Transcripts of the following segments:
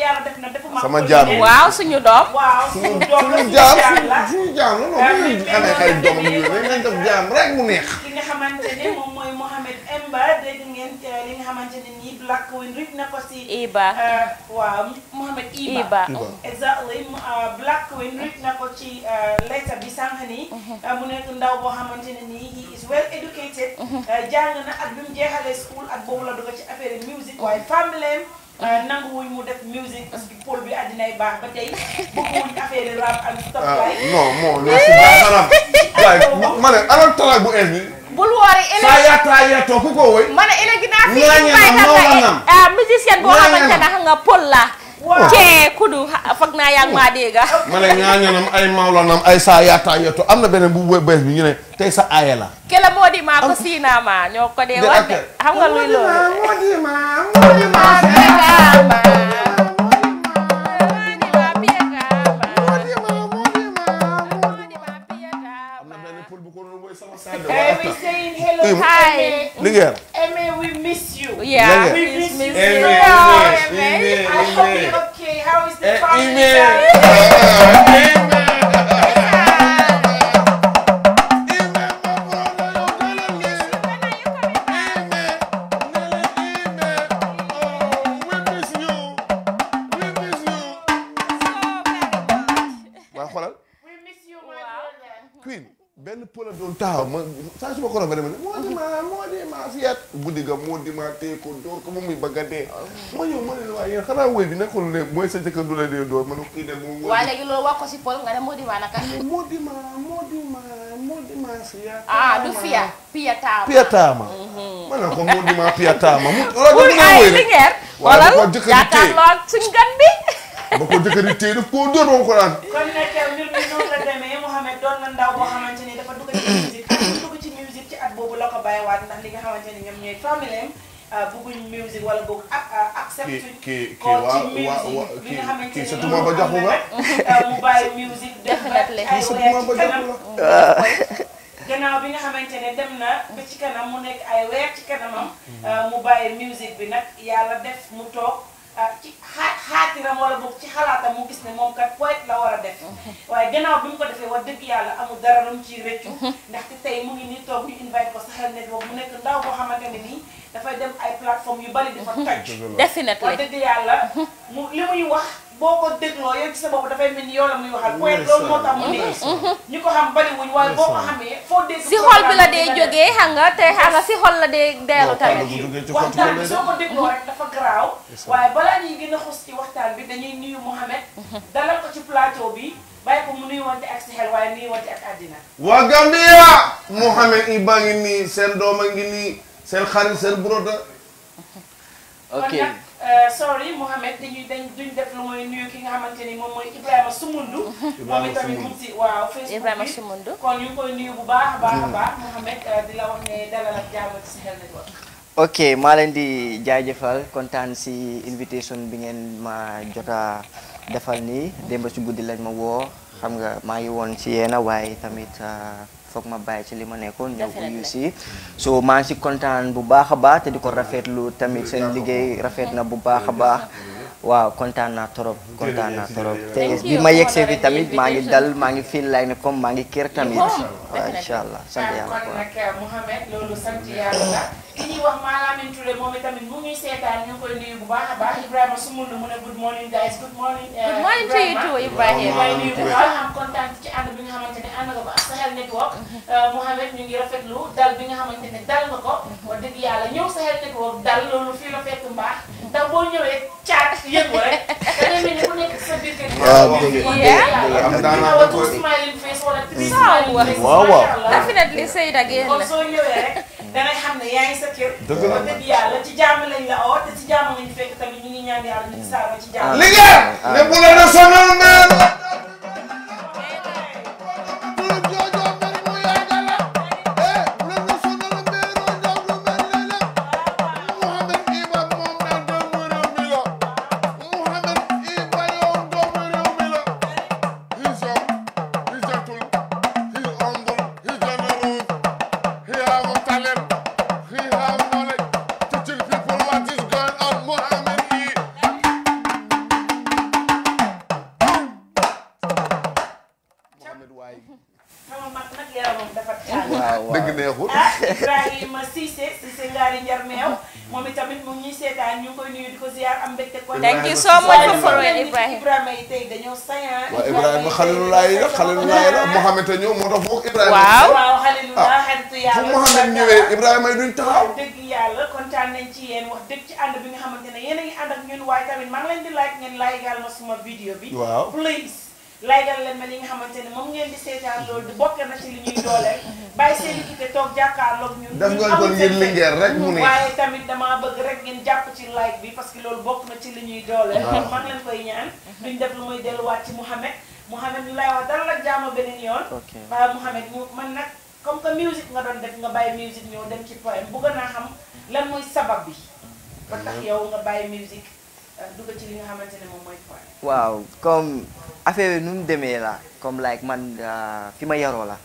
ma sama jaam waaw suñu doom waaw suñu doom suñu jaam suñu jaam non non amee xarit doomam yooyu mais nañ def jaam rek mu neex li nga xamante ne moom mooy Mohamed Mba dégg ngeen li nga xamante ne Black Queen rip na ko si Iba euh, waaw Mohamed Iba exactly euh, Black Queen rip na ko ci euh, layta bi sànq nii mhm. mu nekk ndaw boo xamante ne he is well educated mhm. jàng na ak bi mu jeexalee school ak boobu la dugg ci affaire musique mhm. waaye famille Euh, nanguwuñ mu que pôle bi addinay baax ah, non non non si xaram. waaye ma ne alal talaak bul woori ele. saa yaataa yaatoo ku ko woy. ma ne ele ginnaaw eh, musicien boo xamante ne xam nga la. waaw cee kudu foog naa yàgg maa dégg ah. ma ne ñaañanam ay mawlanam ay saa na beneen bu bees bi ñu ne tey sa aaye la. kele moo di maa siinaa maa ñoo ko dee wax de nga luy loolu. moo di maa moo di maa we miss you. Yeah, we miss Amen. Amen. ben pëla don taxaw ma saa su ko rombee dama ne di ma moo di ma siat buddi ga moo di ma téye ko do ko mo mi bagade mo yo mo ñëw ma ne la waaye bi nekkul le moy sa jëkkër du la dee dóor ma ne kii de moom waa ko si pol nga ne di maa naka moo di ma moo di ma moo di ma siat ah du fiya piya taama piya taama ma ko moo di maa piya taama mu loolu mu ngay wala ko jëkkër di téye lo suñ gan bi ba ko jëkkër di téye daf koo ko daan kon nekkee mbir bi noonu la demee mohammed don na ndaw boo boobu la ko waat ndax li nga xamante ni ñoom ñooy famille ah, bëgguñ musique wala boog accepté. ak ah, kii kii waa kii kii surtout maa ba jox mu bàyyi musique def na ay weer ci kanam. gannaaw bi nga xamante ne dem na ba ci kanam mu nekk ay weer ci kanamam. Mm-hmm. Ah, mu bàyyi musique bi nag yàlla def mu toog. Ah, ci xaa xaatiram wala boog ci xalaatam mu gis ne moom kat poète la war a def waaye gannaaw bi mu ko defee wax dëgg yàlla amul dara lu mu ciy rëccu ndaxte tey mu ngi nii toog ñu invite ko Sahel Network mu nekk ndaw boo xamante ne nii dafay dem ay plateforme yu bari di fa toj wax dëgg yàlla mu li muy wax boo ko dégloo yow ci sa bopp dafay mel ni yow la muy waxal. poète loolu moo tax mu dee. ñi ko xam bariwuñ waaye boo ko xamee. foo dégg si xol bi la dee jógee xam nga te xam nga si xol la dee dellu tamit. waxtaan bi soo ko dégloo rek dafa balaa ñuy gën a xos ci waxtaan bi dañuy nuyu Mouhamed. dalal ko ci plateau bi bàyyi ko mu nuyuwante ak si xel waaye nuyuwante ak àddina. waa Gambia. Mouhamed Iba ngi nii seen doom a ngi nii seen xarit seen brota. ok. Euh, sorry Mouhamed duñ def lu mooy nuyu ki nga xamante ni moom mooy Ibrahima Sumundu. moom itamit si kon ñu koy nuyu bu baax baax baax Mouhamed euh, di la wax ne dalal ak jàmm ci Sahel Network. ok maa leen di jaajëfal kontaan si invitation bi ngeen ma jota defal nii démb si guddi lañ ma woo xam nga maa ngi woon si yéen waaye tamit. Euh, foog ma bàyyi ci li ma nekkoon ñëw uyu si so maa si kontaan bu baax a baax te di ko rafetlu tamit seen liggéey rafet na bu baax a baax waaw kontaan naa trop kontaan naa trop te bi ma yegsee fi tamit maa ngi dal maa ngi feel like comme maa ngi kër tamit waaw incha mu ñuy seetaan ñu koy nuyu bu baax baax Ibrahima su mun na mu ne good morning guys good morning eh, good morning to you too Ibrahima waaye nuyu bu baax am kontaan ci ànd bi nga xamante ne ànd nga ko ak Sahel Network mm-hmm. eh, Mouhamed ñu ngi rafetlu dal bi nga xamante ne dal nga ko mm-hmm. wax dëgg yàlla ñëw Sahel Network dal loolu fii la fekk mbaax ndax boo ñëwee caat yëngu rek da ngay mel ni ku nekk sa biir kër. waaw dégg nga am daanaka ko mm. waaw waaw. definitely say it again la kon soo ñëwee rek dangay xam ne yaa ngi sa kër. dëgg la dëgg yàlla ci jàmm lañ la oo te ci jàmm lañ fekk tamit ñu ngi ñaan yàlla ñu ci saaro ci jàmm. liggéey. ne ah, bu ah. la sonal naan. waay. sama mag nag yaramam dafa caal. waaw waaw dëgg neexul. ah Ibrahima Cissé Cissé Ngari Njarmeew. moom itamit mu ngi ñuy seetaan ñu ngi koy nuyu di ko ziar am mbégte ko. thank you so much for following Ibrahima Ibrahima yi tey dañoo sañaan. waaw Ibrahima xalilulaay la xalilulaay la Mohamed a ñëw moo tax foofu Ibrahima. waaw waaw xalilulaay ah, xaritu yàlla. fu Mohamed ñëwee Ibrahima yi duñ taxaw. dëgg yàlla kontaan nañ ci yéen wax dëgg ci ànd bi nga xamante ne yéen a ngi ànd ak ñun waaye tamit maa ngi leen di like ngeen laayigal ma suma vidéo bi. waaw please. lay leen mel yi nga xamante ne moom ngeen di seetaan loolu di bokk na ci li ñuy dooleel. bàyyi seen i kite toog jàkkaarloog ñun. def nga mu ne waaye tamit damaa bëgg rek ngeen jàpp ci like bi parce que loolu bokk na ci li ñuy dooleel. waaw man leen koy ñaan. duñ def lu muy delluwaat ci Mouhamed. Mouhamed lay wax dara la jaamu beneen yoon. ok waaw mu man nag comme que musique nga doon def nga bàyyi musique ñëw dem ci poème bëgg naa xam lan mooy sabab bi. ba tax mhm. yow nga bàyyi musique. waaw comme affaire yi nu mu demee la comme like man euh, fi ma yaroo la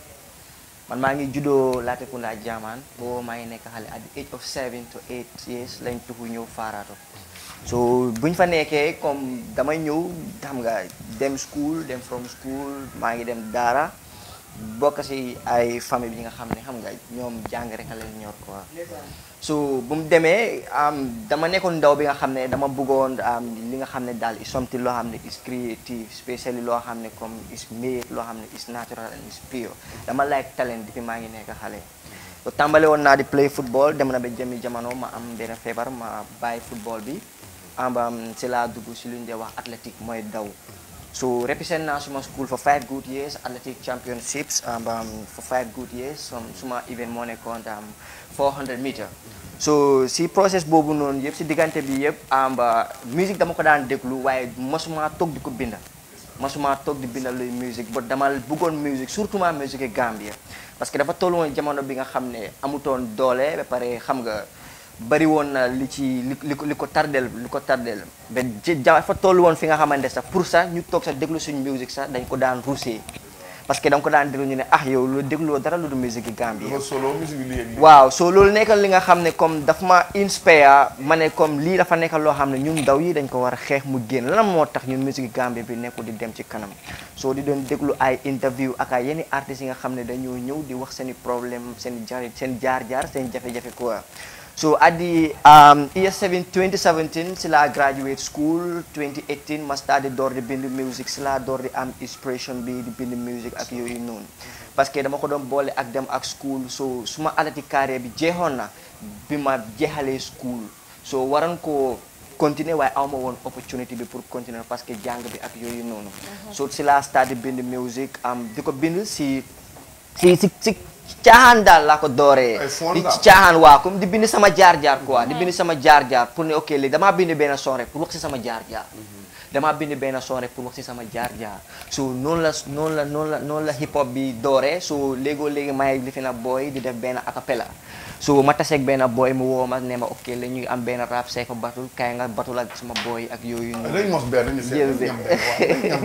man maa ngi juddoo Latrikunda Jaman boo maa ngi nekk xale at the age of seven to eight years lañ tuxu ñëw faaraato so buñ fa nekkee comme damay ñëw xam nga dem school dem from school maa ngi dem daara. bokk si ay famille yi nga xam ne xam nga ñoom jàng rek a leen ñor quoi su bu mu demee dama nekkoon ndaw bi nga xam ne dama bëggoon li nga xam ne daal is something loo xam ne is creative spécially loo xam ne comme is loo xam ne is natural and is pure dama like talent depuis maa ngi nekk xale so tàmbale woon naa di play football dem na ba jëmi jamono ma am benn feebar ma bàyyi football bi am si laa dugg si lu ñu dee wax athlétique mooy daw So represent now Suma School for five good years, athletic championships um, um, for five good years, some um, Suma even more account um, 400 meter. So si process boobu noonu yëpp si diggante bi yëpp am um, musique dama ko daan déglu waaye mosuma toog di ko binda mosuma toog di binda luy musique ba dama bëggoon musique surtout ma musique parce que dafa tollu woon jamono bi nga xam ne amutoon doole ba pare xam nga bari won na li ci liko tardel liko tardel ben ja fa toll won fi nga xamantene sax pour ça ñu tok sa deglu suñu musique sax dañ ko daan ruusee parce que dañ ko daan déglu ñu ne ah yow lo deglu dara lu du musique Gambie waaw so lool nekkal li nga xam comme daf ma inspire mané comme li dafa nekkal lo xam ñun daw yi dañ ko wara xex mu génn lan mo tax ñun musique Gambie bi nekkul di dem ci kanam So di doon deglu ay interview ak ay yenn artiste yi nga xam dañu ñëw di wax seen problème seen jaar seen jaar-jaar seen jafé jafé quoi So at the um, year 7, 2017, sila graduate school. 2018, mas study door the Bindu Music. Sila door the am inspiration bi the Bindu Music ak yooyu noonu. parce que dama ko doon boole ak dem ak school so suma alati carrière bi jeexoon na bi ma jeexalee school so waran ko continuer waaye awma woon opportunity bi pour continuer parce que jàng bi ak yooyu noonu. Mhm. so si la stade bind music am di ko bind si. si si si caaxaan daal laa ko dooree di ci caaxaan waa comme di bind sama jaar-jaar quoi di mm-hmm. sama jaar-jaar pour ne ok léegi damaa bind benn son pour wax si sama jaar-jaar mm-hmm. damaa bind benn son pour wax si sama jaar-jaar so noonu la noonu la noonu la noonu la hip hop bi dooree so léegoo léegi may lifi na booy di def benn acapella so ma taseeg benn booy mu woo ma ne ma ok la ñuy am benn rap seeko batul kaay nga batul ak sama booy ak yooyu noonu